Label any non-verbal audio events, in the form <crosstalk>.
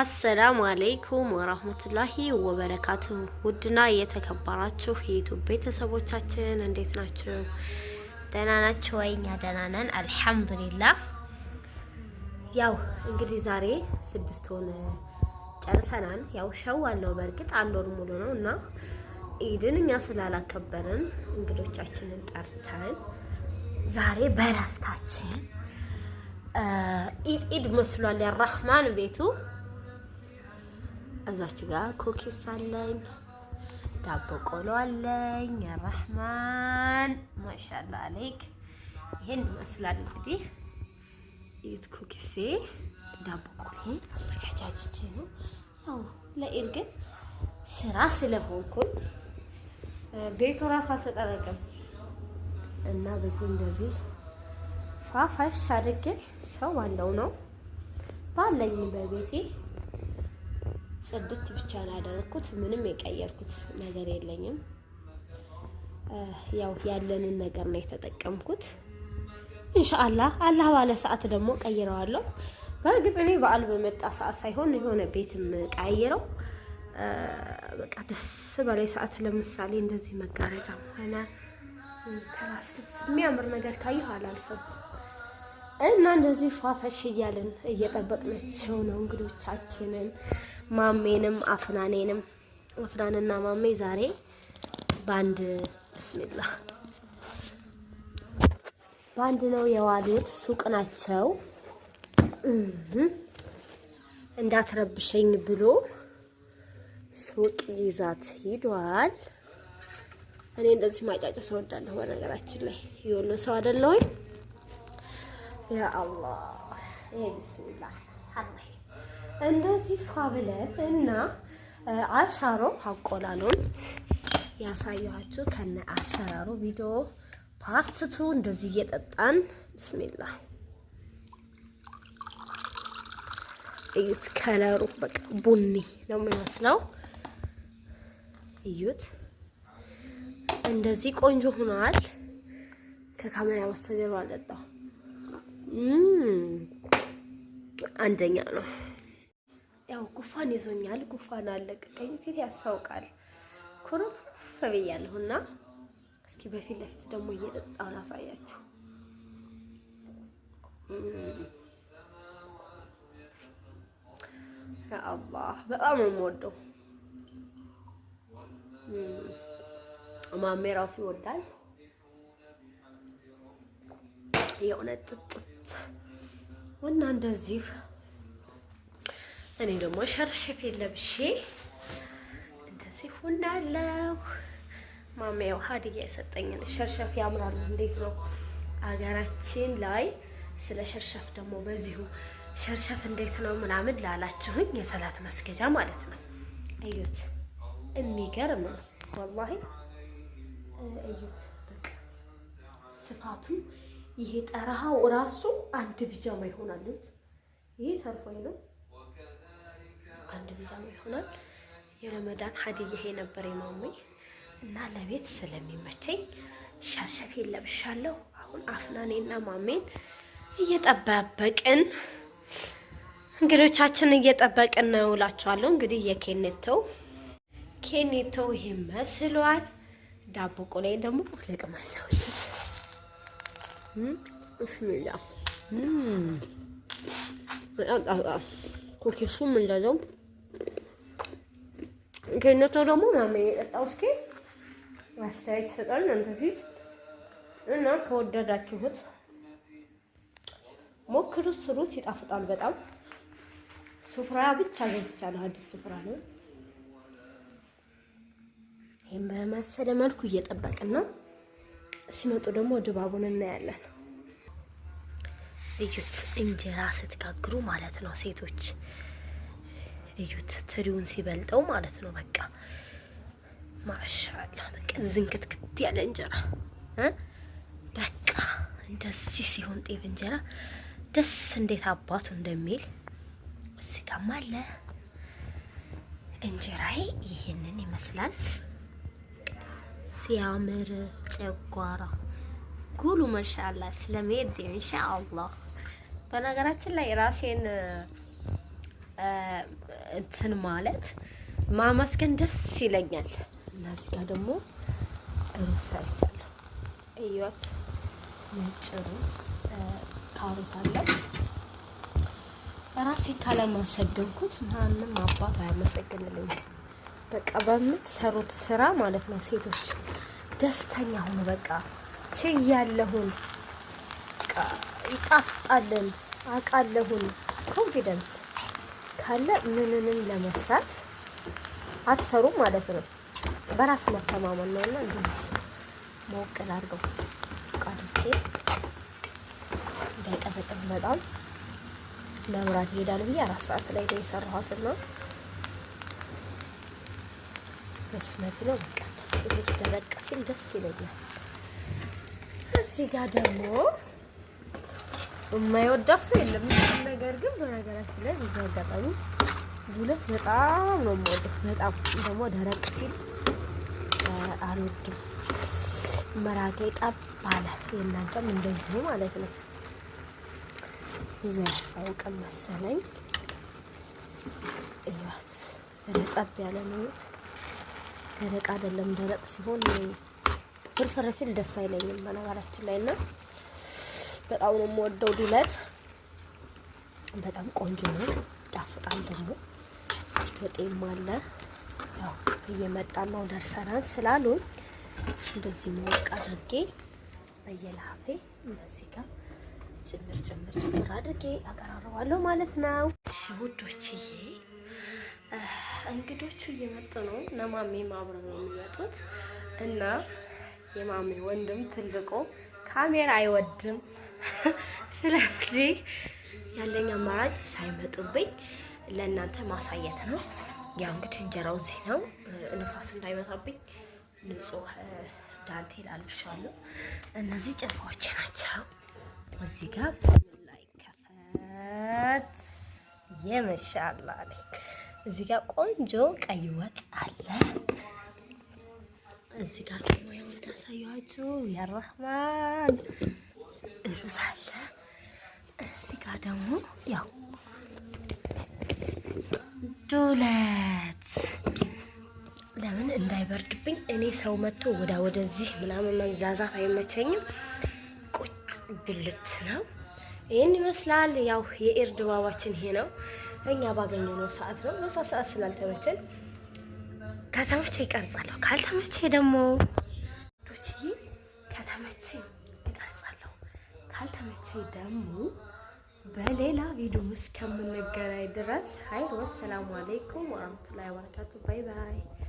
አሰላሙ አለይኩም ወራህመቱላሂ ወበረካቱ። ውድና የተከበራችሁ የዩቱብ ቤተሰቦቻችን እንዴት ናቸው? ደህና ናቸው ወይ? እኛ ደህና ነን አልሐምዱሊላህ። ያው እንግዲህ ዛሬ ስድስት ሆነ ጨርሰናል። ያው ሸው አለው በእርግጥ አንድ ወር ሙሉ ነው እና ኢድን እኛ ስላላከበርን እንግዶቻችንን ጠርተን ዛሬ በረፍታችን ኢድ ኢድ መስሏል። የራህማን ቤቱ እዛች ጋር ኩኪስ አለኝ፣ ዳቦ ቆሎ አለኝ። ረህማን ማሻላ አለይክ። ይሄን ይመስላል እንግዲህ ኢት ኩኪሴ ዳቦ ቆሎ አዘጋጃጅቼ ነው። ያው ለኢድ ግን ስራ ስለሆንኩኝ ቤቱ ራሱ አልተጠረቀም እና ቤቱ እንደዚህ ፋፋሽ አድርጌ ሰው አለው ነው ባለኝ በቤቴ ጽድት ብቻ ነው ያደረኩት። ምንም የቀየርኩት ነገር የለኝም። ያው ያለንን ነገር ነው የተጠቀምኩት። ኢንሻአላህ አላህ ባለ ሰዓት ደግሞ ቀይረዋለሁ። በእርግጥ እኔ በዓል በመጣ ሰዓት ሳይሆን የሆነ ቤትም ቀይረው በቃ ደስ በላይ ሰዓት ለምሳሌ እንደዚህ መጋረጃ ሆነ ከላስ ልብስ የሚያምር ነገር ካየሁ አላልፈም። እና እንደዚህ ፏፈሽ እያልን እየጠበቅናቸው ነው እንግዶቻችንን። ማሜንም አፍናኔንም አፍናንና ማሜ ዛሬ በአንድ ብስሚላ በአንድ ነው የዋሉት። ሱቅ ናቸው እንዳትረብሸኝ ብሎ ሱቅ ይዛት ሂዷል። እኔ እንደዚህ ማጫጨ ሰው እንዳለሁ በነገራችን ላይ የወሎ ሰው አይደለሁኝ። ያ አላህ ይሄ ቢስሚላህ አርሂም እንደዚህ ፋ ብለን እና አሻሮ አቆላሉን ያሳየኋችሁ ከነ አሰራሩ ቪዲዮ ፓርትቱ እንደዚህ እየጠጣን ብስሚላህ እዩት። ከለሩ በቃ ቡኒ ነው የሚመስለው። እዩት፣ እንደዚህ ቆንጆ ሆኗል። ከካሜራ በስተጀርባ አልጠጣሁም። አንደኛ ነው። ያው ጉፋን ይዞኛል፣ ጉፋን አለቀቀኝ፣ ፊት ያስታውቃል። ኮረፍ ብያለሁና እስኪ በፊት ለፊት ደግሞ እየጠጣሁ ላሳያችሁ። አላህ በጣም ነው የምወደው። ማሜ ራሱ ይወዳል የእውነት ጥጥ እና እንደዚህ እኔ ደግሞ ሸርሸፌ ለብሼ እንደዚህ ሁናለሁ። ማሚያው ሀዲያ የሰጠኝን ሸርሸፍ ያምራል። እንዴት ነው አገራችን ላይ ስለ ሸርሸፍ ደግሞ በዚሁ ሸርሸፍ እንዴት ነው ምናምን ላላችሁኝ የሰላት መስገጃ ማለት ነው። እዩት፣ የሚገርም ነው ወላሂ። እዩት ስፋቱ ይሄ ጠረሃው ራሱ አንድ ቢጃማ ይሆናል። ልት ይሄ ተርፎኝ ነው አንድ ቢጃማ ይሆናል። የረመዳን ሀዲያ ይሄ ነበር የማሙ እና ለቤት ስለሚመቸኝ ሻሸፌ ለብሻለሁ። አሁን አፍናኔና ማሜን እየጠባበቅን እንግዶቻችን እየጠበቅን ነው እላችኋለሁ። እንግዲህ የኬኔተው ኬኔተው ይሄ መስሏል። ዳቦ ቆሌ ደግሞ ልቅመሰውት ብስሚላ በጣም ጣፍጣል። ኩኪሱም እንደዛው ከነቶ ደግሞ ማሜ የጠጣው እስኪ አስተያየት ይሰጣል እናንተ ፊት እና ከወደዳችሁት ሞክሩት፣ ስሩት፣ ይጣፍጣል በጣም ስፍራ ብቻ ገዝቻለሁ። አዲስ ስፍራ ነው። ይህም በመሰለ መልኩ እየጠበቅን ነው። ሲመጡ ደግሞ ድባቡን እናያለን። እዩት እንጀራ ስትጋግሩ ማለት ነው ሴቶች፣ እዩት ትሪውን ሲበልጠው ማለት ነው። በቃ ማሻላ በቃ ክት ያለ እንጀራ በቃ እንደዚህ ሲሆን ጤፍ እንጀራ ደስ እንዴት አባቱ እንደሚል እዚህ ጋማ አለ። እንጀራዬ ይህንን ይመስላል። ሲያምር ጨጓራ ጉሉ ማሻአላ ስለሚሄድ ኢንሻአላህ። በነገራችን ላይ ራሴን እንትን ማለት ማመስገን ደስ ይለኛል። እና ጋር ደግሞ ሩዝ ሰርቻለሁ። እዩት፣ ነጭ ሩዝ ካሮት አለ። ራሴን ካለማሰገንኩት ማንም አባቱ አያመሰግንልኝም። በቃ በምትሰሩት ስራ ማለት ነው። ሴቶች ደስተኛ ሁኑ። በቃ ችያለሁን፣ ይጣፍጣልን፣ አቃለሁን። ኮንፊደንስ ካለ ምንንም ለመስራት አትፈሩ ማለት ነው። በራስ መተማመን ነው እና እንደዚህ መወቅል አድርገው ቃድቼ እንዳይቀዘቀዝ በጣም መብራት ይሄዳል ብዬ አራት ሰዓት ላይ ነው የሰራኋትና መስመር ነው። በቃ ደስ ደረቅ ሲል ደስ ይለኛል። እዚህ ጋር ደግሞ የማይወዳ ሰው የለም። ነገር ግን በነገራችን ላይ በዚህ አጋጣሚ ዱለት በጣም ነው የምወደው። በጣም ደግሞ ደረቅ ሲል አልወድም። መራጌ ጠብ አለ። የእናንተም እንደዚሁ ማለት ነው። ብዙ ያስታውቅም መሰለኝ። እያት ጠብ ያለ ነውት ደረቅ አይደለም። ደረቅ ሲሆን ፍርፍር ሲል ደስ አይለኝም። በነገራችን ላይ እና በጣም ነው የምወደው ዱለት። በጣም ቆንጆ ነው፣ ጣፍጣም ደግሞ ወጤም አለ። ያው እየመጣ ነው ደርሰናል ስላሉን እንደዚህ መወቅ አድርጌ በየላፌ እንደዚህ ጋር ጭምር ጭምር ጭምር አድርጌ አቀራርባለሁ ማለት ነው። እሺ ውዶችዬ እንግዶቹ እየመጡ ነው እና ማሜም አብረው ነው የሚመጡት እና የማሜ ወንድም ትልቁ ካሜራ አይወድም። <laughs> ስለዚህ ያለኝ አማራጭ ሳይመጡብኝ ለእናንተ ማሳየት ነው። ያው እንግዲህ እንጀራው እዚህ ነው። ንፋስ እንዳይመታብኝ ንጹህ ዳንቴል አልብሻለሁ። እነዚህ ጭልፋዎች ናቸው። እዚህ ጋር ብስም ላይ ከፈት የመሻላ ላይክ እዚህ ጋር ቆንጆ ቀይ ወጥ አለ። እዚህ ጋር ደግሞ የወልድ አሳያችሁ የረህማን አለ። እዚህ ጋር ደግሞ ያው ዱለት ለምን እንዳይበርድብኝ እኔ ሰው መጥቶ ወዳ ወደዚህ ምናምን መንዛዛት አይመቸኝም። ቁጭ ብልት ነው። ይህን ይመስላል። ያው የኤርድባባችን ድባባችን ይሄ ነው። እኛ ባገኘነው ሰዓት ነው። በዛ ሰዓት ስላልተመቸን ከተመቼ ይቀርጻለሁ፣ ካልተመቼ ደግሞ ዶችዬ ከተመቼ ይቀርጻለሁ፣ ካልተመቼ ደግሞ በሌላ ቪዲዮ እስከምንገናኝ ድረስ ሀይ ወሰላሙ አሌይኩም ወረህመቱላሂ ወበረካቱ። ባይ ባይ።